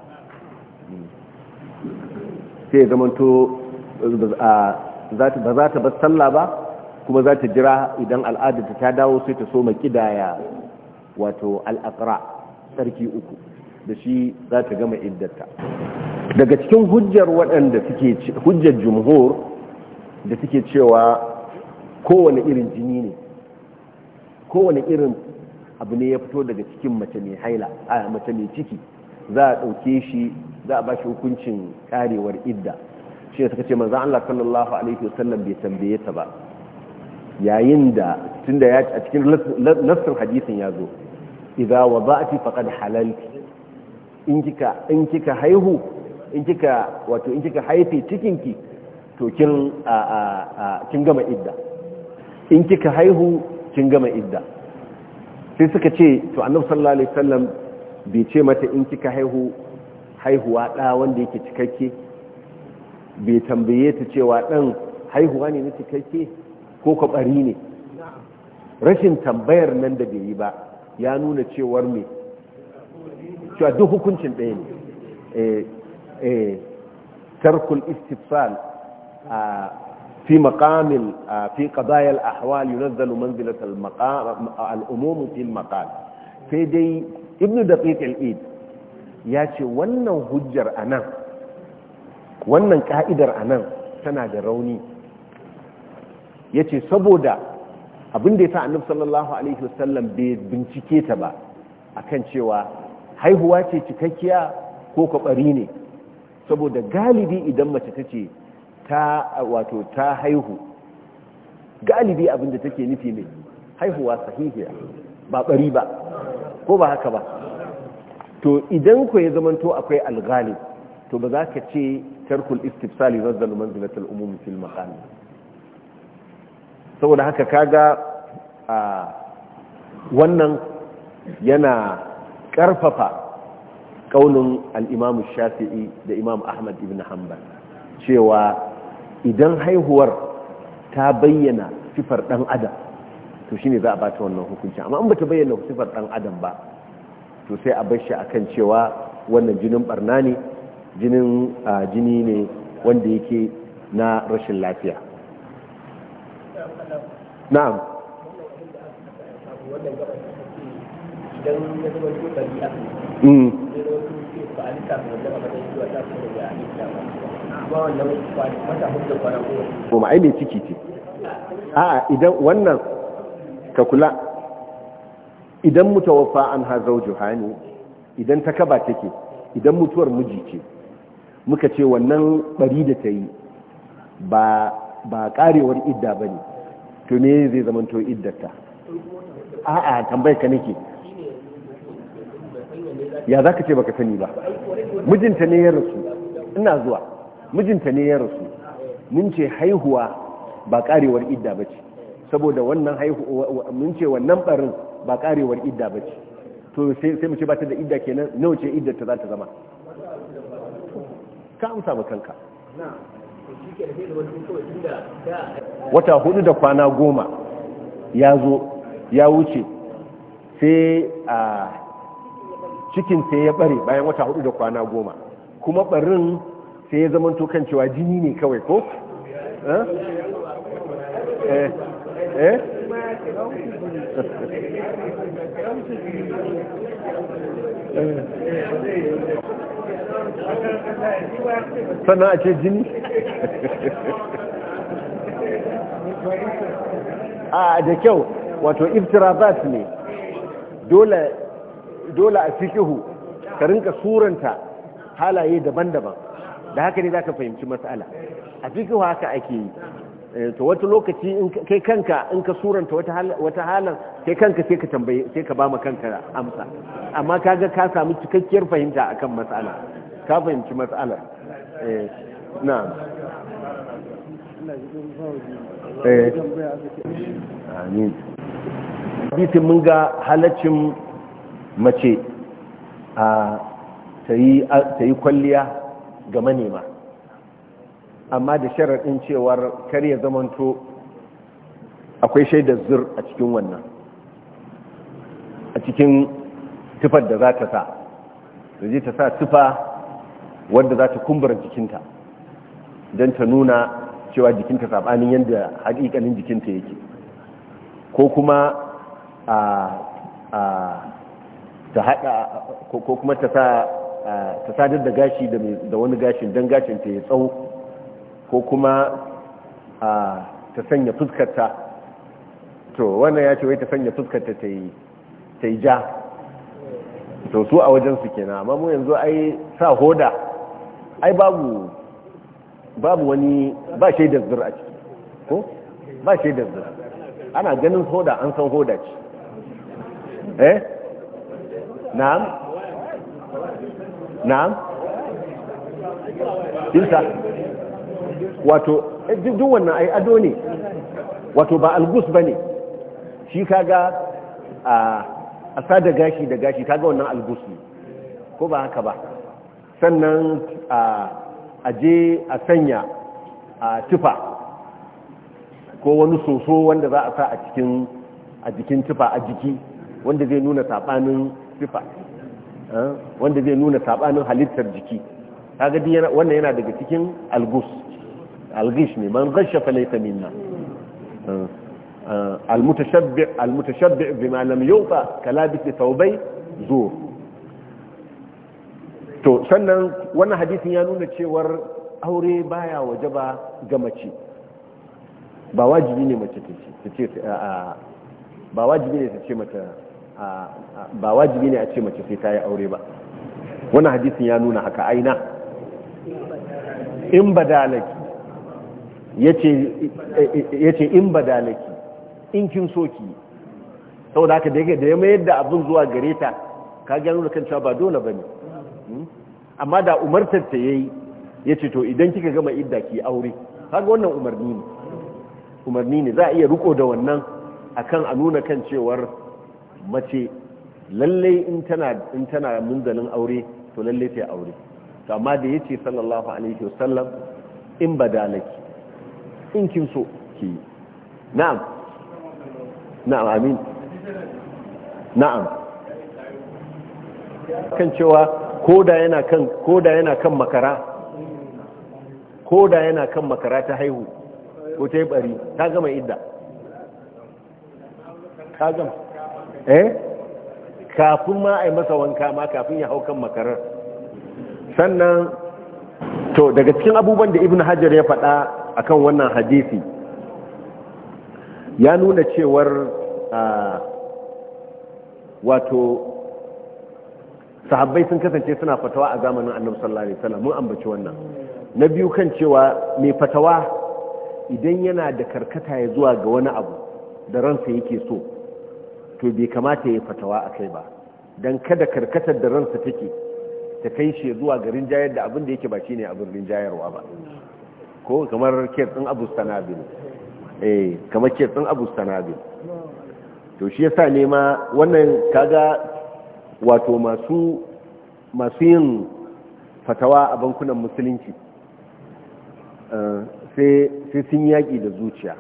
Speaker 1: sai zamanto ba za ta ba sallah ba kuma za ta jira idan al'adar ta dawo sai ta so ma kidaya wato al'aqra sarki uku da shi za ta gama iddata. daga cikin hujjar waɗanda suke hujjar jumhur da suke cewa kowane irin jini ne kowane irin abu ne ya fito daga cikin mace mai haila a mace mai ciki za a ɗauke shi za a ba shi hukuncin karewar idda shi suka ce manzan Allah sallallahu alaihi wasallam bai tambaye ta ba yayin da tun da ya a cikin nassar hadisin ya zo idza wada'ati faqad halalti in kika in kika haihu in kika wato in kika haife cikinki to kin kin gama idda in kika haihu kin gama idda sai suka ce to annabi sallallahu alaihi wasallam bai ce mata in kika haihu haihuwa ɗa wanda yake cikakke bai tambaye ta cewa ɗan haihuwa ne na cikakke ko kwaɓari ne rashin tambayar nan da bai yi ba ya nuna cewar me cewa duk hukuncin ɗaya ne eh, eh, tarkul istifsal a في مقام في قضايا الأحوال ينزل منزلة المقام الأموم في المقام في دي ابن دقيق الإيد ياتي ونن هجر أنا ونن كائدر أنا سنة روني yace saboda abin da ya sa annabi sallallahu alaihi wasallam bai bincike ta ba akan cewa haihuwa ce cikakkiya ko kwabari ne saboda galibi idan mace ta ce ta wato ta haihu galibi abinda take nufi ne haihuwa sahihiya ba bari ba ko ba haka ba to idan ku ya zamanto akwai alghalib to ba za ka ce tarkul istifsali razzalu manzilatul umum fil maqam saboda haka kaga a wannan yana karfafa kaunin al-imam shafi'i da imam ahmad ibn hanbal cewa idan haihuwar ta bayyana sifar ɗan adam to shine za a ba ta wannan hukunci amma in ba ta bayyana sifar ɗan adam ba to sai a bashi akan cewa wannan jinin barna ne jinin jini ne wanda yake na rashin lafiya na'am idan ya zama kuma ai mai ciki ce a idan wannan ka kula idan mutawaffa an ha zaujuha ne idan ta kaba take idan mutuwar miji ce muka ce wannan bari da ta yi ba ba karewar idda ne to ne zai zamanto iddarta a a tambayar ka nake
Speaker 3: ya za ka ce ba baka sani ba mijinta
Speaker 1: ne ya rasu ina zuwa mijinta ne ya rasu mun ce haihuwa ba karewar idda bace saboda wannan haihuwa mun ce wannan barin ba karewar idda bace to sai sai mu ce ba ta da idda kenan nawa ce iddar ta za ta zama ka amsa ma kanka wata hudu da kwana goma ya zo ya wuce sai a cikin sai ya bare bayan wata hudu da kwana goma kuma barin sai ya zama tokan cewa jini ne kawai ko eh? Eh? Eh? sannan a ce jini a <laughs> ah, da kyau wato iftirabat ne dole a fikihu ka rinka suranta halaye daban-daban da haka ne za ka fahimci matsala a cikin haka ake yi eh, to wata lokaci kai kanka in ka suranta wata halar kai kanka sai ka tambaye sai ka bama kanka amsa amma kaga ka samu cikakkiyar fahimta akan matsala ka fahimci matsala eh, na eh. amin hadisin mun ga halaccin mace a ta yi kwalliya ga manema amma da sharaɗin cewar kar ya zamanto akwai shaidar zur a cikin wannan a cikin tufar da za ta sa da zai ta sa tufa wadda za ta kumbura jikinta don ta nuna cewa jikinta saɓanin yadda haƙiƙanin jikinta yake ko kuma a ta haɗa ko kuma ta sa ta sadar da gashi da wani gashin don gashin ta ya tsawo ko kuma ta sanya fuskarta to wannan ya ce wai ta sanya fuskarta ta yi ja to su a wajen su kenan amma mu yanzu ai sa hoda ai babu babu wani ba shaidar zir a ciki ko ba shaidar zura ana ganin hoda an san hoda ce eh
Speaker 3: na'am na'am
Speaker 1: dinsa wato eh, duk wannan ai ado ne wato ba algus bane shi kaga a a sada gashi da gashi kaga wannan algus ne ko ba haka ba sannan a je a sanya a tufa ko wani soso wanda za a sa a cikin a jikin tufa a jiki wanda zai nuna saɓanin tufa wanda zai nuna sabanin halittar jiki kaga wannan yana daga cikin algus algish ne man gashe falaita minna المتشبع malam yau ba يوفى كلابس ثوبي to sannan wannan hadisin ya nuna cewar aure baya waje ba ga mace ba wajibi ne mace ta ce ba wajibi ne ta ce mata ba wajibi ne a ce mace sai ta yi aure ba Wani hadisin ya nuna haka aina in badalaki e, e, e, ce in badalaki in kin soki saboda haka da ya mayar da abin zuwa gare ta ka gano da kan cewa ba dole ba ne. Hmm? amma da umartar ta yayi ce to idan kika gama idda ki aure kaga wannan umarni ne umarni ne za a iya riko da wannan akan a nuna kan cewar mace lallai in tana munzalin aure to lallai ta aure to amma da ya ce sallallahu alaihi wasallam in ba da laki in kin so ki na'am na'am amin na'am kan cewa koda yana kan koda yana kan makara koda yana kan makara ta haihu ko ta yi bari ta gama idda ta gama eh kafin ma a yi masa wanka ma kafin ya hau kan makarar sannan to daga cikin abubuwan da ibn hajar ya faɗa kan wannan hadisi ya nuna cewar wato sahabbai sun kasance suna fatawa a zamanin annabu sallallahu alaihi wasallam mun ambaci wannan na biyu kan cewa mai fatawa idan yana da karkata ya zuwa ga wani abu da ransa yake so to bai kamata ya fatawa a kai ba don kada karkatar da ransa take ta kai shi zuwa garin jayar da abin da yake ba shi ne abin rinjayarwa ba ko kamar kirtsin abu sanabil eh kamar kirtsin abu sanabil to shi yasa ne ma wannan kaga wato masu masu yin fatawa a bankunan musulunci eh, sai sun yaƙi da zuciya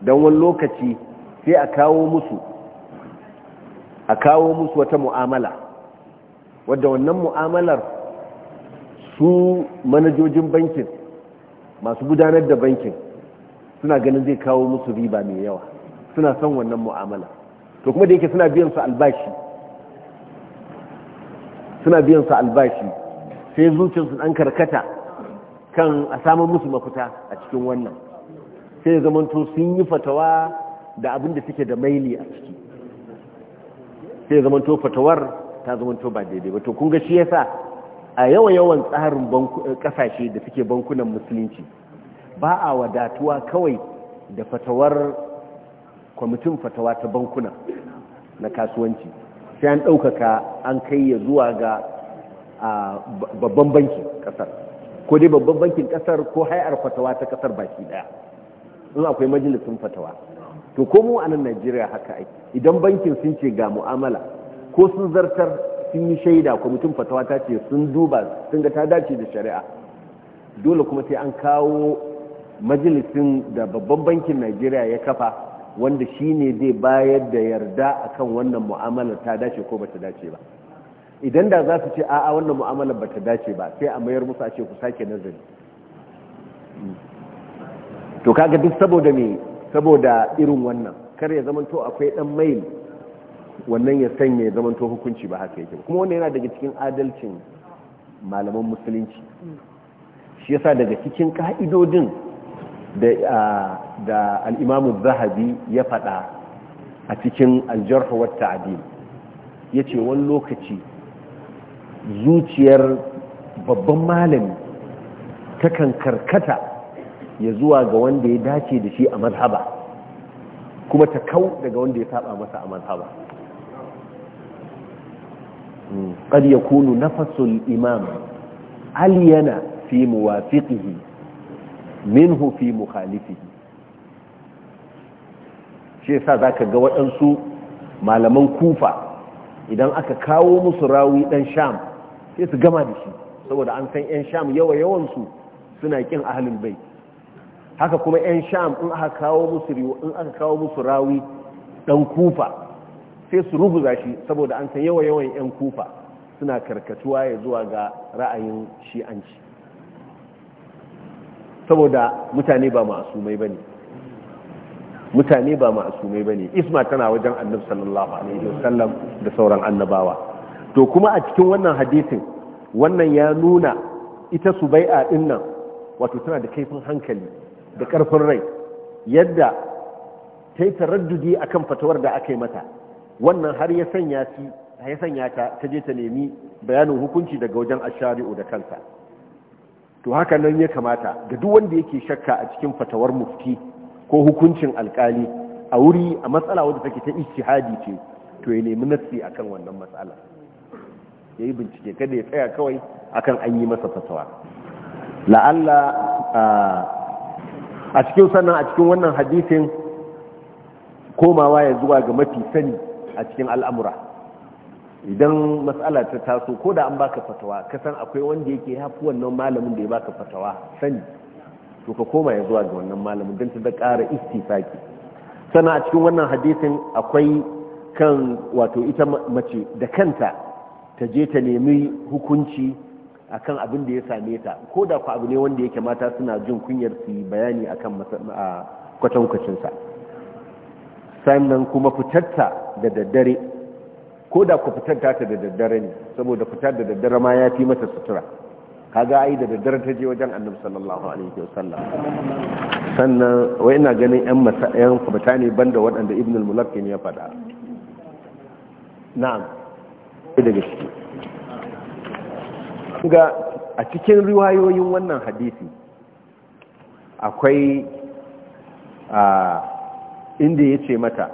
Speaker 1: don wani lokaci sai a kawo musu a kawo musu wata mu'amala wadda wannan mu'amalar su manajojin bankin masu gudanar da bankin suna ganin zai kawo musu riba mai yawa suna son wannan mu'amala to kuma da yake suna biyan su albashi suna biyan su albashi sai zuciyarsu dan karkata kan a samu musu mafita a cikin wannan sai zamanto sun yi fatawa da abin da suke da maili a ciki sai zaman to fatawar ta zama to ba daidai ba to kun ga shi yasa a yawa yawan tsarin eh, kasashe da suke bankunan musulunci ba a wadatuwa kawai da fatawar kwamitin fatawa ta bankuna na kasuwanci sai an ɗaukaka an kai ya zuwa ga babban bankin ƙasar ko dai babban bankin ƙasar ko hayar fatawa ta ƙasar baki ɗaya in akwai majalisun fatawa to ko mu a nan Najeriya haka ai idan bankin sun ce ga mu'amala ko sun zartar sun yi shaida kwamitin fatawa ta ce sun duba sun ga ta dace da shari'a dole kuma sai an kawo majalisin da babban bankin Najeriya ya kafa wanda shi ne zai bayar da yarda a kan wannan mu'amalar ta dace ko bata dace ba idan da za su ce a'a wannan mu'amalar bata dace ba sai a mayar musu a ce ku sake nazari to kaga duk saboda me saboda irin wannan kar ya zamanto akwai dan mail wannan ya sanya ya zamanto hukunci ba haka yake kuma wannan yana daga cikin adalcin malaman musulunci shi yasa daga cikin ka'idodin da da al-Imam zahabi ya faɗa a cikin al-Jarh wa Ta'dil yace wani lokaci zuciyar babban malami takan karkata ya zuwa ga wanda ya dace da shi a mazhaba kuma ta kau daga wanda ya saba masa a mazhaba hmm. ya kunu nafasul imam aliyana fi muwafiqihi minhu fi mukhalifihi shi yasa zaka ga waɗansu malaman kufa idan aka kawo musu rawi dan sham sai su gama da shi saboda an san 'yan sham yawa yawansu suna kin ahalin bai haka kuma 'yan sham in aka kawo musu in aka kawo musu rawi dan kufa sai su rubuza shi saboda an san yawa-yawan 'yan kufa suna karkatuwa ya zuwa ga ra'ayin shi'anci saboda mutane ba mai ba ne mutane ba mai ba ne isma tana wajen annab sallallahu alaihi wasallam da sauran annabawa to kuma a cikin wannan hadisin wannan ya nuna ita su bai'a din nan wato tana da kaifin hankali da ƙarfin rai yadda ta yi taraddudi a kan fatawar da aka yi mata wannan har ya sanya ta ta je ta nemi bayanin hukunci daga wajen ashari'u da kansa to haka nan ya kamata ga duk wanda yake shakka a cikin fatawar mufti ko hukuncin alkali a wuri a matsala wadda take ta ijtihadi ce to ya nemi nassi akan wannan matsala Ya yi bincike kada ya tsaya kawai akan an yi masa fatawa la'alla ah, a cikin sannan a cikin wannan hadisin komawa ya zuwa ga mafi sani a cikin al'amura idan matsala ta taso ko da an baka fatawa kasan akwai wanda yake hafi wannan malamin da ya baka fatawa sani to ka koma ya zuwa ga wannan malamin don ta da ƙara istifaki sannan a cikin wannan hadisin akwai kan wato ita mace da kanta ta je ta nemi hukunci akan abin da ya same ta ko da ku abu ne wanda yake mata suna jin kunyar su bayani akan kwatankwacin sa sannan kuma fitarta da daddare ko da ku fitarta ta da daddare ne saboda fitar da daddare ma yafi fi mata sutura kaga ai da daddare ta je wajen annabi sallallahu alaihi wasallam sannan wai ina ganin yan masa yan fata ne banda waɗanda ibnul mulakin ya faɗa na'am daga ciki ga a cikin riwayoyin wannan hadisi akwai inda ya ce mata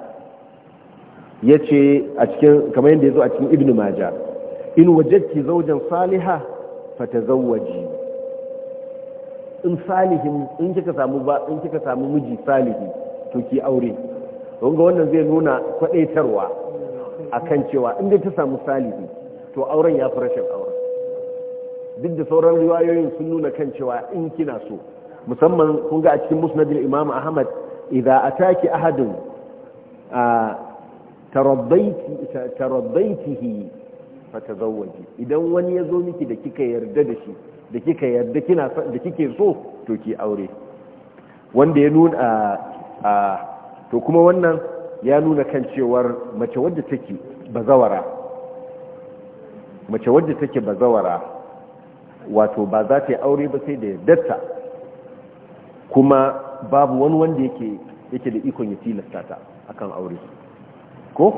Speaker 1: ya ce a cikin kamar yadda ya zo a cikin ibn maja in wajadki zaujan saliha zauwaji in salihin in kika samu ba in kika samu miji salihi to ki aure don wannan zai nuna kwadaitarwa kan cewa inda ta samu salihi to auren ya fi rashin auren duk da sauran riwayoyin sun nuna kan cewa in kina so musamman kun ga a cikin musnadin imam ahmad idza ataki ahadun taraddaitihi fatazawwaji idan wani ya zo miki da kika yarda da shi da kika yarda kina da kike so to ki aure wanda ya nuna a to kuma wannan ya nuna kan cewar mace wadda take bazawara mace wadda take bazawara wato ba za ta yi aure ba sai da yadda kuma babu wani wanda yake yake da ikon ya tilasta ta akan aure ko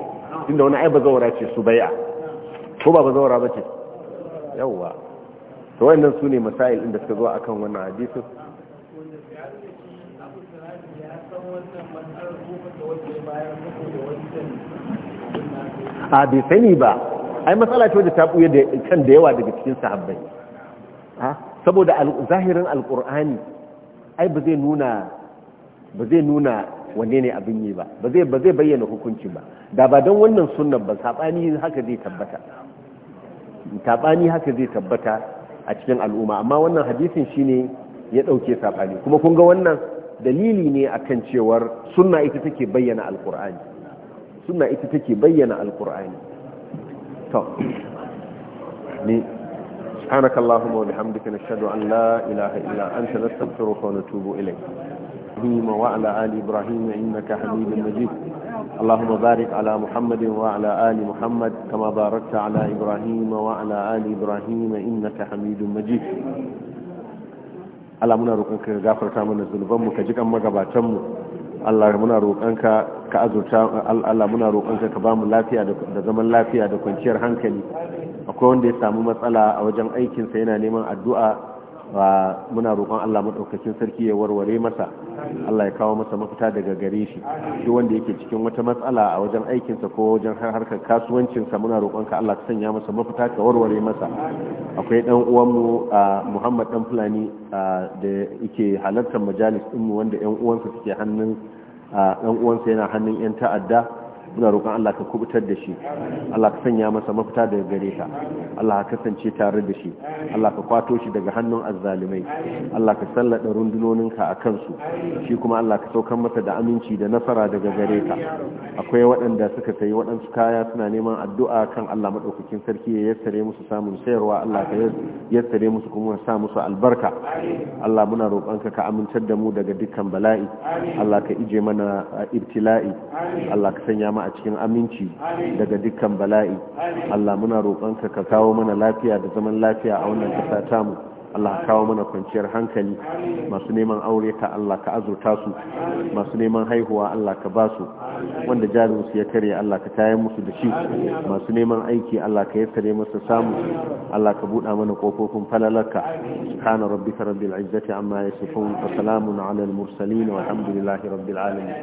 Speaker 1: inda wani ai zaura ce su bai'a ko ba zaura ba ce yawwa to wannan su ne masail inda suka zo akan wannan hadisin a bai sani ba ai matsala ce wadda ta buye da kan da yawa daga cikin sahabbai saboda zahirin alkur'ani ai ba zai nuna ba zai nuna wanne ne abin yi ba ba zai ba zai bayyana hukunci ba da ba don wannan sunnan ba sabani haka zai tabbata sabani haka zai tabbata a cikin al'umma amma wannan hadisin shine ya dauke sabani kuma kun ga wannan dalili ne akan cewar sunna ita take bayyana alkur'ani sunna ita take bayyana alkur'ani to ne سبحانك اللهم وبحمدك نشهد أن لا إله إلا أنت نستغفرك ونتوب إليك إبراهيم وعلى آل إبراهيم إنك حميد مجيد اللهم بارك على محمد وعلى آل محمد كما باركت على إبراهيم وعلى آل إبراهيم إنك حميد مجيد Allah muna roƙonka ka gafarta mana zunubanmu ka ji kan magabatanmu Allah muna roƙonka ka azurta Allah muna roƙonka ka bamu lafiya da zaman lafiya da kwanciyar hankali akwai wanda ya samu matsala a wajen aikinsa yana neman addu'a muna roƙon Allah maɗaukakin sarki ya warware masa Allah ya kawo masa mafita daga gare shi duk wanda yake cikin wata matsala a wajen aikinsa ko wajen harkar kasuwancinsa muna roƙon ka Allah ka sanya masa mafita ka warware masa akwai ɗan uwanmu Muhammad dan Fulani da yake halartar majalis ɗinmu wanda ƴan uwansa suke ɗan uwansa yana hannun 'yan ta'adda muna roƙon Allah ka kubutar da shi Allah ka sanya masa mafita daga gare ta Allah ka kasance tare da shi Allah ka kwato shi daga hannun azzalimai Allah ka sallada rundunoninka a kansu shi kuma Allah ka saukar masa da aminci da nasara daga gare ta akwai waɗanda suka sayi waɗansu kaya suna neman addu'a kan Allah madaukakin sarki ya yassare musu samun sayarwa Allah ka yassare musu kuma sa musu albarka Allah muna roƙon ka amintar da mu daga dukkan bala'i Allah ka ije mana ibtila'i Allah ka sanya ma. a cikin aminci daga dukkan bala'i Allah muna roƙonka ka kawo mana lafiya da zaman lafiya a wannan ƙasa tamu Allah kawo mana kwanciyar hankali masu neman aure ka Allah ka azurta su masu neman haihuwa Allah ka ba su wanda jarinsu ya karya Allah ka tayar musu da shi masu neman aiki Allah ka yaskare masa samu Allah ka buɗa mana ƙofofin falalarka Rabbi rabbika rabbil izzati amma yasifun wa salamun ala al mursalin walhamdulillahi rabbil
Speaker 3: alamin